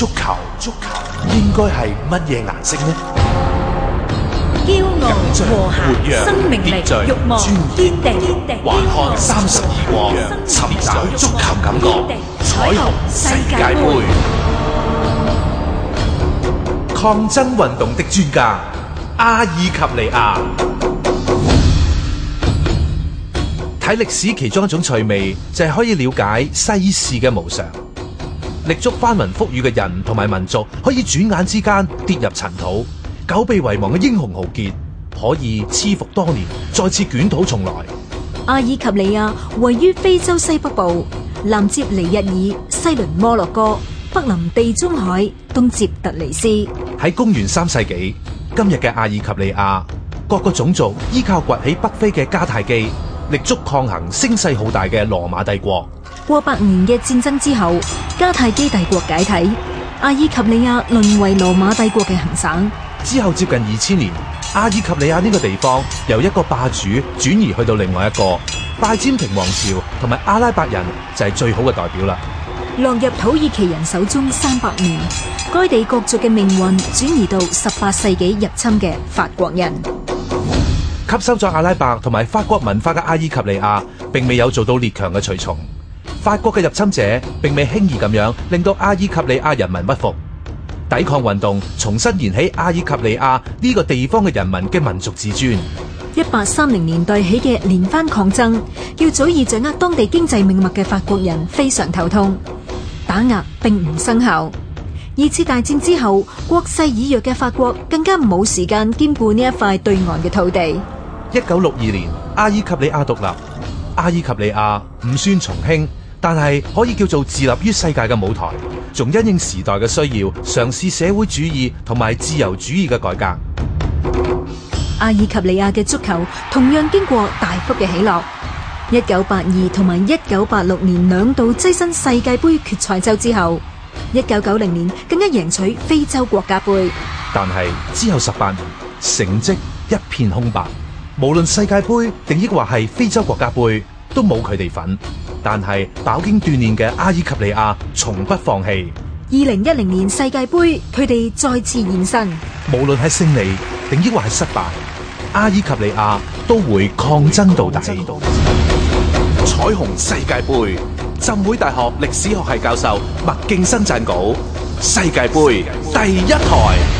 足球，足球應該係乜嘢顏色呢？驕傲、和諧、生命力、慾望、堅定、天地還看三十二國，尋找足球感覺，彩虹世界杯。抗爭運動的專家阿爾及利亞，睇歷史其中一種趣味，就係可以了解世事嘅無常。力足翻雲覆雨嘅人同埋民族，可以轉眼之間跌入塵土；久被遺忘嘅英雄豪傑，可以雌伏多年，再次捲土重來。阿爾及利亞位於非洲西北部，南接尼日爾，西鄰摩洛哥，北臨地中海，東接突尼斯。喺公元三世紀，今日嘅阿爾及利亞各個種族依靠崛起北非嘅迦太基，力足抗衡聲勢浩大嘅羅馬帝國。過百年嘅戰爭之後，迦太基帝國解體，阿爾及利亞淪為羅馬帝國嘅行省。之後接近二千年，阿爾及利亞呢個地方由一個霸主轉移去到另外一個，拜占庭王朝同埋阿拉伯人就係最好嘅代表啦。落入土耳其人手中三百年，該地各族嘅命運轉移到十八世紀入侵嘅法國人。吸收咗阿拉伯同埋法國文化嘅阿爾及利亞，並未有做到列強嘅隨從。法國嘅入侵者並未輕易咁樣令到阿爾及利亞人民屈服，抵抗運動重新燃起阿爾及利亞呢個地方嘅人民嘅民族自尊。一八三零年代起嘅連番抗爭，要早已掌握當地經濟命脈嘅法國人非常頭痛，打壓並唔生效。二次大戰之後，國勢已弱嘅法國更加冇時間兼顧呢一塊對岸嘅土地。一九六二年，阿爾及利亞獨立，阿爾及利亞五孫重興。但係可以叫做自立於世界嘅舞台，仲因應時代嘅需要，嘗試社會主義同埋自由主義嘅改革。阿爾及利亞嘅足球同樣經過大幅嘅起落。一九八二同埋一九八六年兩度躋身世界杯決賽周之後，一九九零年更加贏取非洲國家杯。但係之後十八年，成績一片空白，無論世界杯定抑或係非洲國家杯，都冇佢哋份。但係飽經鍛煉嘅阿爾及利亞從不放棄。二零一零年世界杯，佢哋再次現身。無論係勝利定抑或係失敗，阿爾及利亞都會抗爭到底。到底彩虹世界杯，浸會大學歷史學系教授麥敬生撰稿。世界杯第一台。